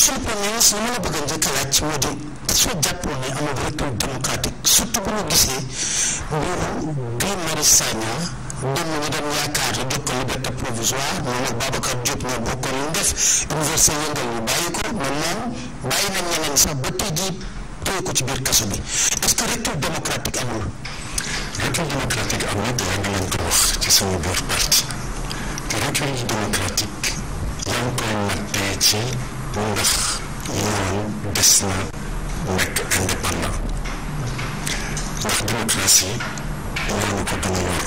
simplement ni si mën bëgg a njëkk a laaj moo di soo jàppoon ne amul recul démocratique surtout bu ñu gisee bu Guy Marius dem ñu dem yaakaar te jox ko liberté provisoire moom ak Babacar Diop ñoo bokkoon lu def université yëngal ñu bàyyi ko mais moom bàyyi nañ ñeneen sax ba tey jii téye ko ci biir kaso bi est-ce que recul démocratique amul. recul démocratique am na dara nga leen ko wax ci sama biir parti te recul démocratique yaa ngi koy ci. ndax yoon des na nekk indépendant ndax démocratie yoonu ko gën yor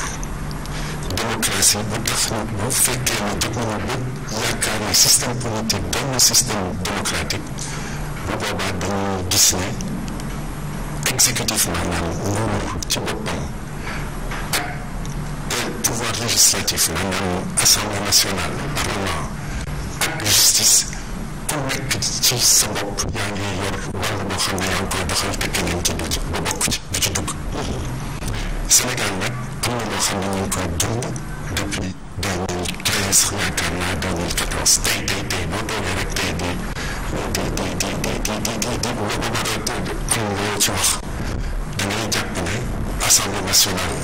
démocratie bu tax nit bu fekkee ne jot na ba yaakaar ne système politique benn système démocratique bu boobaa dañuy gis ne exécutif maanaam nguur ci boppam ak pouvoir législatif maanaam assemblée nationale parlement ak justice ku nekk ci sa yaa ngi yor wàll boo xam ne yaa ngi koy doxal te kenn ci du ci ba bokk ci du ci Sénégal nag am na loo xam ne ñu koy dund depuis deux mille treize yaakaar naa deux mille quatorze tey tey boo toogee rek tey di di di di di di di boo ko waree am loo ci wax da ngay jàpp ne assemblée nationale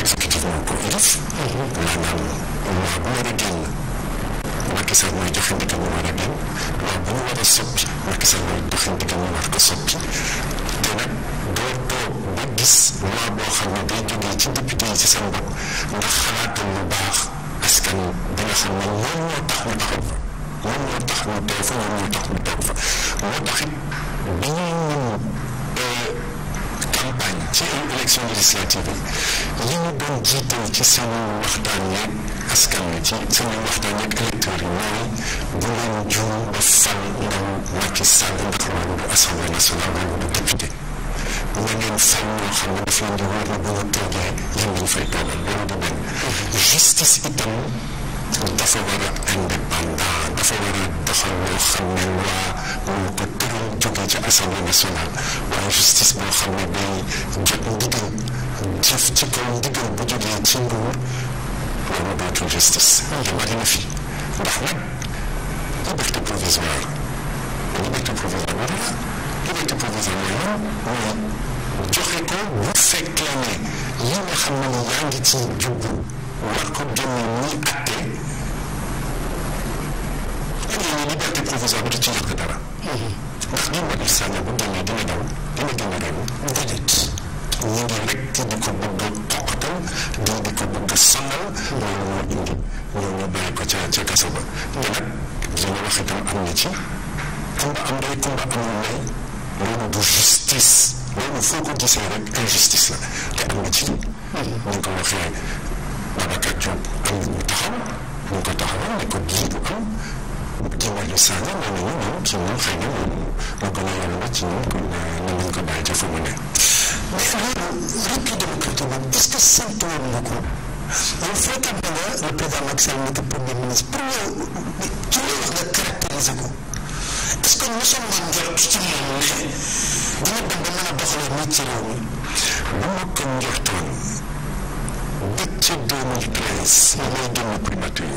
exécutif moo ko def maanaam loi bu war a génn Macky Sall mooy joxe ndigal ñu war a dem waaye bu ñu war a soppi Macky Sall mooy joxe ndigal ñu war ko soppi te nag doo toog gis loi boo xam ne day jógee ci député yi ci seen bopp ndax xalaatal lu baax askan bi nga xam tax ñu taxaw fa ñoom ñoo tax ñu teew fa élection li ñu doon jiital ci seen waxtaan yeeg askan wi ci seen waxtaan yeeg électeurs yi mooy bu ba fal ndaw Macky Sall ndax loolu du assemblée nationale loolu du député na ngeen fal xam ne daf leen di wóor ne bu ñu toogee yéen dañ fay toogal loolu du benn justice itam dafa war a indépendant dafa war a doxal loo xam ne waa ñu ko tëral jógee ci assemblée nationale waaye justice boo xam ne day jot ndigal jëf ci kaw ndigal bu jógee ci nguur loolu dootul justice te bari na fi ndax nag liberté provisoire liberté provisoire la liberté provisoire joxe ko bu fekkee ne li nga xam ne yaa ngi ci jubbu war ko génne muy atte ne liberté provisoire bi du ci yàq dara. ndax ñun wàllu sànni bu génnee dina daw dina génn réew mi déedéet ñu ngi rek di ko bëgg a toqatal di di ko bëgg a sonal. loolu moo indi ñoo ñu bàyyi ko ca ca kaso ba. te nag li ma wax itam am na ci. kumba am day kumba amul may loolu du justice loolu foo ko gisee rek injustice la te am na ci. ñu ko waxee Babacar Diop am na ñu taxaw ñu ko taxawal ne ko bii du am. teewalu Sadio mel na ni moom ci ñun xëy na moom moo a yàlla ci ñun ko bàyyi mu ne. mais loolu république démocratique na ko yow fekkee na nga le président Macky nekk premier ministre pour yow ci lay nga caractériser ko est-ce que mosoon nga njort ci moom ne dina dem ba mën a doxalee nii ci bu ma ko njortoon. urgence. mooy génn primature.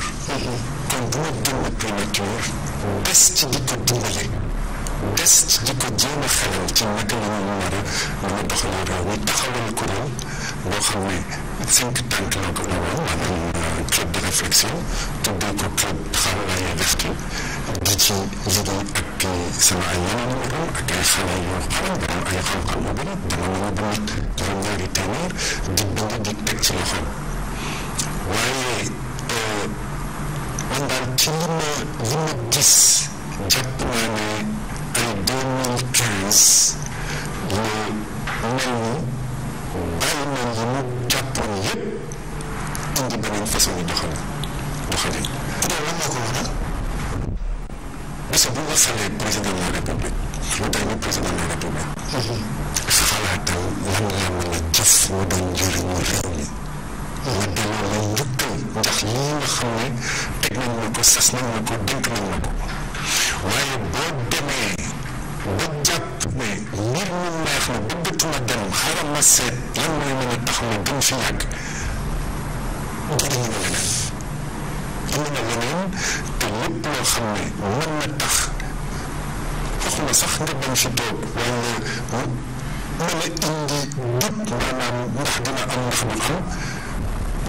kon bu ñu ci di ko dimbale. des ci di ko jéem a xelal ci naka la ñu war a mën a doxalee réew taxawal kuréel boo xam ne cinq tànk la ko doon maanaam euh, club de réflexion di ci liggéey ak euh, sama ay yeneen morom ak ay xale yu ay xam-xam yu bëri dama mën a ba nit juróom-ñaari téeméer di bind di teg ci loxo waaye man daal ci li ma gis jàpp naa ne ay deux mille quinze mel ni bàyyi na li jàppoon yépp indi beneen façon yi doxal doxalin. loolu lan moo ko waral. parce que bu nga président la république. lu tax ñu président la république. xalaatal lan la mën a jëf mu doon njëriñu réew mi. ndax lii nga xam ne teg nañ la ko sas nañ la ko dénk nañ la ko waaye boo demee ba jàpp ne mbir mi neex na ba dëkk ma dem xaaral ma seet lan mooy a tax ne duñ fi yàgg jëriñu la te lépp loo xam ne mën na tax waxuma sax nga bañ fi toog wala mën a indi dëkk maanaam ndax dina am am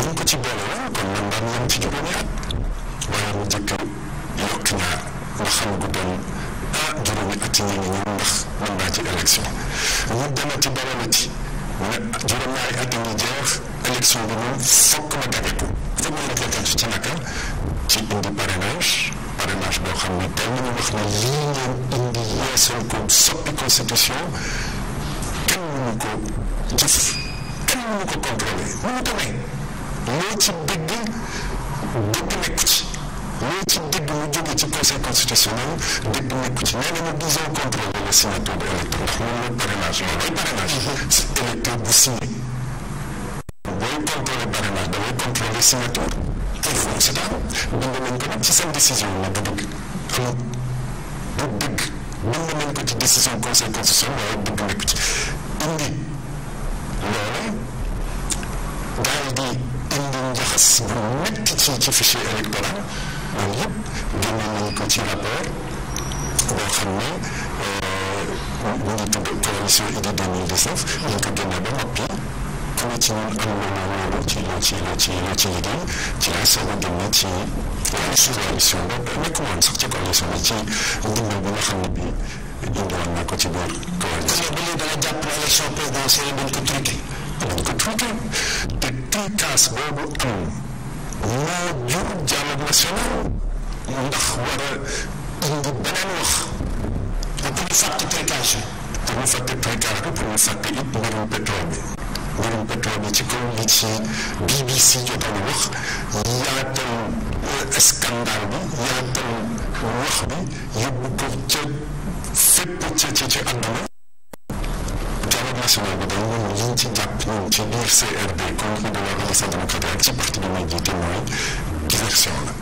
ñi ko ci boole kon man daan ci juróomi at waaye mu njëkk a yokk naa ba ah juróomi at yi ñu ngi ndax mën naa ci élection ñu demati baramati ne juróom-ñaari ci naka ci indi parrainage parrainage boo xam ne tey ñu wax ne lii ngeen indi yeesal ko soppi constitution kenn mënu ko jëf kenn mënu ko contrôler mënu ko may loo ci dégg dégg nekk ci loo ci dégg mu jóge ci conseil constitutionnel dégg nekk ci nee nañu disons contrôler la de électeur ndax moom mooy parrainage loolu bu signé booy contrôler parrainage damay contrôler signature il faut c'est ça bind nañ ko ci seen décision du dëgg du dëgg bind dëgg daal di indi njaxas bu métti ci ci fichier électoral loolu yëpp génne nañ ko ci rapport boo xam ne mu ngi tudd coalition Idy 2019 ñu ko génne ba noppi ku ne ci ñun am na loolu ci loo ci loo ci loo ci liggéey ci la soog a génne bi nga xam naa ko ci biir coalition. kon nag bu ñu dana jàpp élection dañ ko truqué. tuuti te tiitaas boobu am moo jur dialogue national ndax war a indi beneen wax pour ñu fàtte tricage bi pour ñu fàtte tricage bi pour ñu fàtte it mbirum pétrole bi mbirum pétrole bi ci kaw li ci BBC jotoon wax yaatal scandale bi yaatal wax bi yóbbu ko ca fépp ca ca ca àdduna national bi dañu woon liñ ci jàpp ñun ci biir CRD contre de l'Alliance démocratique ak ci parti bi may jiite mooy diversion la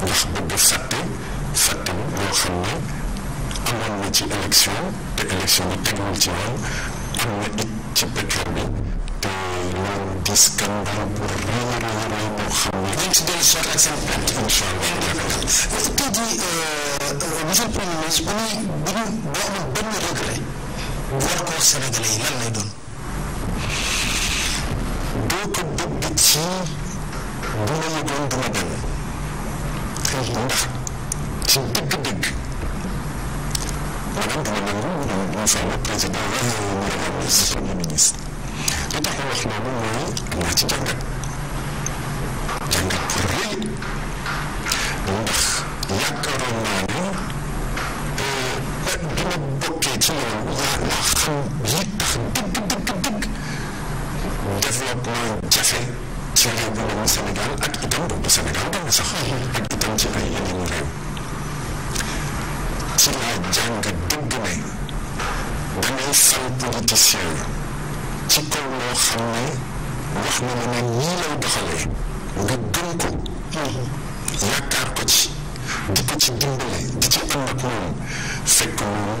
ndax bëgg fàtte fàtte loo xam ne amoon na ci élection te élection bi tegul ci am na it ci pétrole te loolu di scandale bu rëy a rëy boo xam ne. dañ ci dellu soit ak seen plainte. incha allah tey jii euh, monsieur le premier ministre bu ñuy war ko sénégalais yi lan lay doon doo ko dëgg ci bu ma yëgoon duma dem ndax ci dëgg-dëgg maanaam duma nangu ñu fay ma président wala madame ministre le ministre li tax wax loolu mooy am ci jàngat jàngat bu rëy ndax yaakaaroon naa ci loolu laa laa jàng dëgg ne dangay fal politicien ci kaw loo xam ne wax na ma ne nii lay doxalee nga gëm ko yaakaar ko ci di ko ci dimbale di ci ànd ak moom fekk moom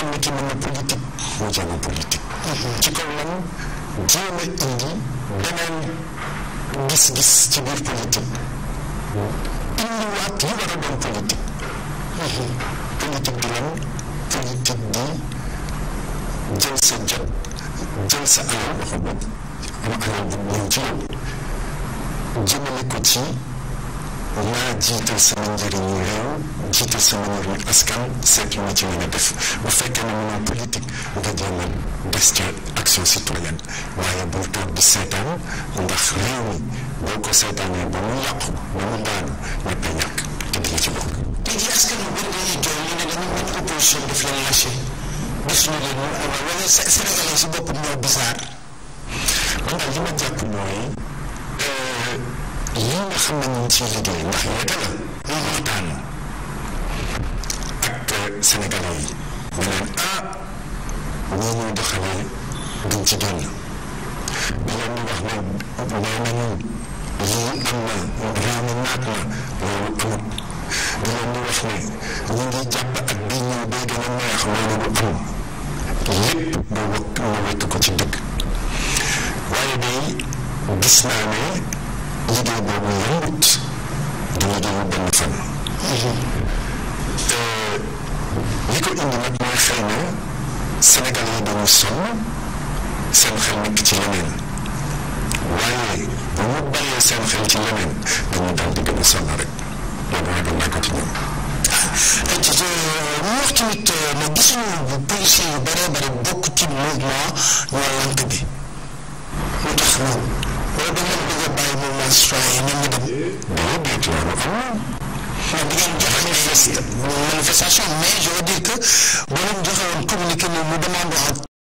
xam ne ci mën na politique mu jàng politique ci kaw man jéem indi beneen gis-gis ci biir politique indiwaat li war a doon politique politique di lan politique di jël sa jot jël sa alal loxo bopp mu alal bu ñëw ci yow ko ci maa jiital sama njëriñu réew jiital sama njëriñu askan seet ci mën a def bu fekkee ne mënoo politique nga jéem des ca action citoyenne waaye bul toog di seetaan ndax réew mi boo ko seetaanee ba mu yàqu ba mu daanu ñëpp ñàkk te dina ci bokk. léegi askan wi bëri nañu jooy ñu ne dañu mën opposition daf leen lâché si boppam ñoo bizarre man daal li ma jàpp mooy. ñi nga xam ne ñu ngi liggéey ndax yàgg na ñu ak Sénégalais yi ñu leen ah ñuy doxalee duñ ci génn ñu leen na réew na ñu ñu ngi jàpp ak bi ñëw day gën a neex loolu du am lépp nga wëkk ko ci dëgg waaye day gis naa ne liggéey boobu yëpp du liggéeyu benn fan. Mhm. Euh, li ko indi nag mooy xëy na Sénégal yi sonn seen xel nekk ci leneen waaye bu ñu bàyyee seen xel ci leneen dañu daal di gën sonn rek loolu ragal naa ko ci ñoom. ci ñu wax tamit euh, ne gisuñu bu policier yu bëree bëri bokk ci mouvement ñoo lank bi lu tax noonu. wala da ngeen bëgg a bàyyi moom mooy citoyen ñoom ñu dem. déedéet loolu am na. waaw di ngeen joxe manifestation mais je veux dire que boo leen joxe woon communiqué moom mu demande